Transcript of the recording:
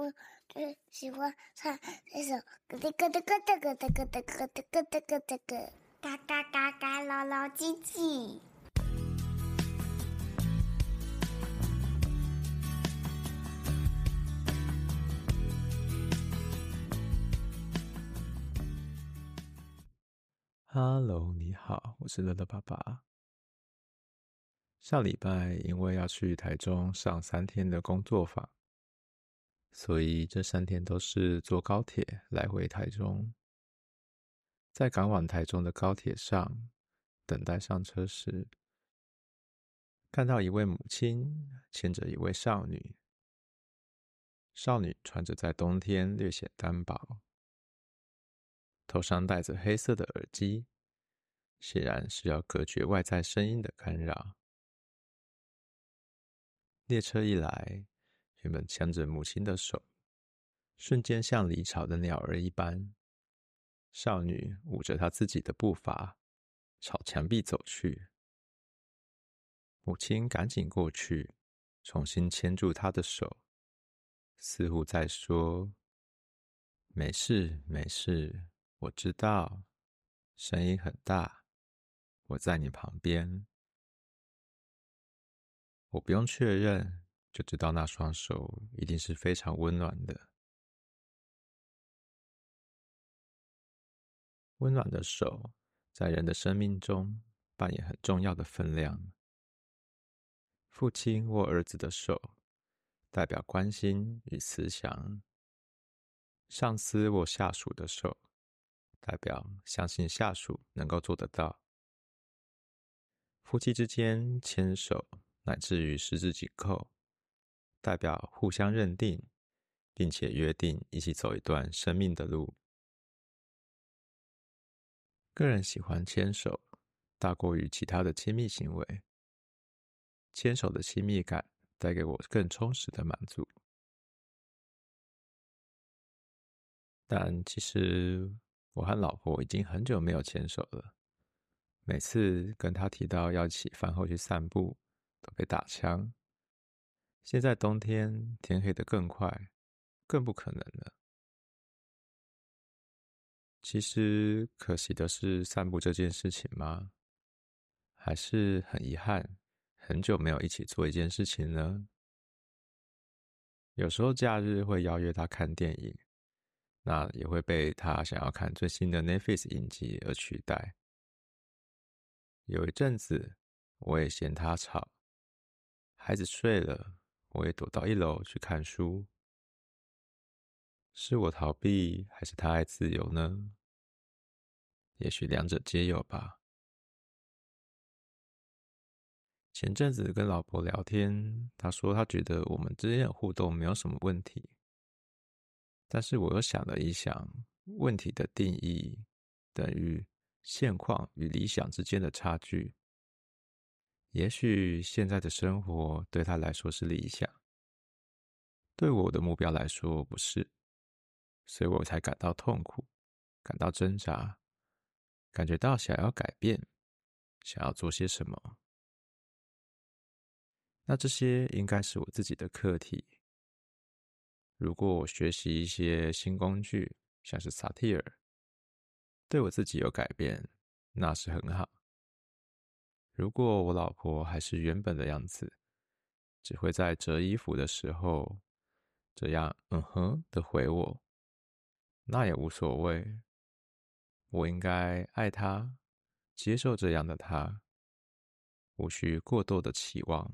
我最喜歡唱這首咯噠咯噠咯噠咯噠咯噠咯噠咯噠咯咯。嘎嘎嘎嘎，老老雞雞。Hello，你好，我是樂樂爸爸。上禮拜因為要去台中上三天的工作坊。所以這三天都是坐高鐵來回台中，在趕往台中的高鐵上，等待上車時，看到一位母親牽着一位少女，少女穿着在冬天略顯單薄，頭上戴着黑色的耳機，顯然是要隔絕外在聲音的干擾。列車一來，原本牽着母親的手，瞬間像離巢的鳥兒一般。少女捂着她自己的步伐，朝牆壁走去。母親趕緊過去，重新牽住她的手，似乎在說：“沒事，沒事，我知道。”聲音很大，我在你旁邊，我不用確認。就知道那雙手一定是非常溫暖的。溫暖的手在人的生命中扮演很重要的分量。父親握兒子的手，代表關心與慈祥；上司握下屬的手，代表相信下屬能夠做得到；夫妻之間牽手，乃至於十指緊扣。代表互相認定，並且約定一起走一段生命的路。個人喜歡牽手，大過於其他的親密行為。牽手的親密感帶給我更充實的滿足。但其實我和老婆已經很久沒有牽手了。每次跟她提到要一起飯後去散步，都被打槍。現在冬天天黑得更快，更不可能了。其實可惜的是散步這件事情嗎？還是很遺憾，很久沒有一起做一件事情了。有時候假日會邀約他看電影，那也會被他想要看最新的 Netflix 影集，而取代。有一陣子我也嫌他吵，孩子睡了。我也躲到一樓去看書，是我逃避，還是他愛自由呢？也許兩者皆有吧。前陣子跟老婆聊天，她說她覺得我們之間的互動沒有什麼問題，但是我又想了一想，問題的定義等於現況與理想之間的差距。也許現在的生活對他來說是理想，對我的目標來說不是，所以我才感到痛苦，感到掙扎，感覺到想要改變，想要做些什麼。那這些應該是我自己的課題。如果我學習一些新工具，像是薩提爾，對我自己有改變，那是很好。如果我老婆還是原本的樣子，只會在折衣服的時候這樣嗯哼的回我，那也無所謂。我應該愛她，接受這樣的她，無需過多的期望。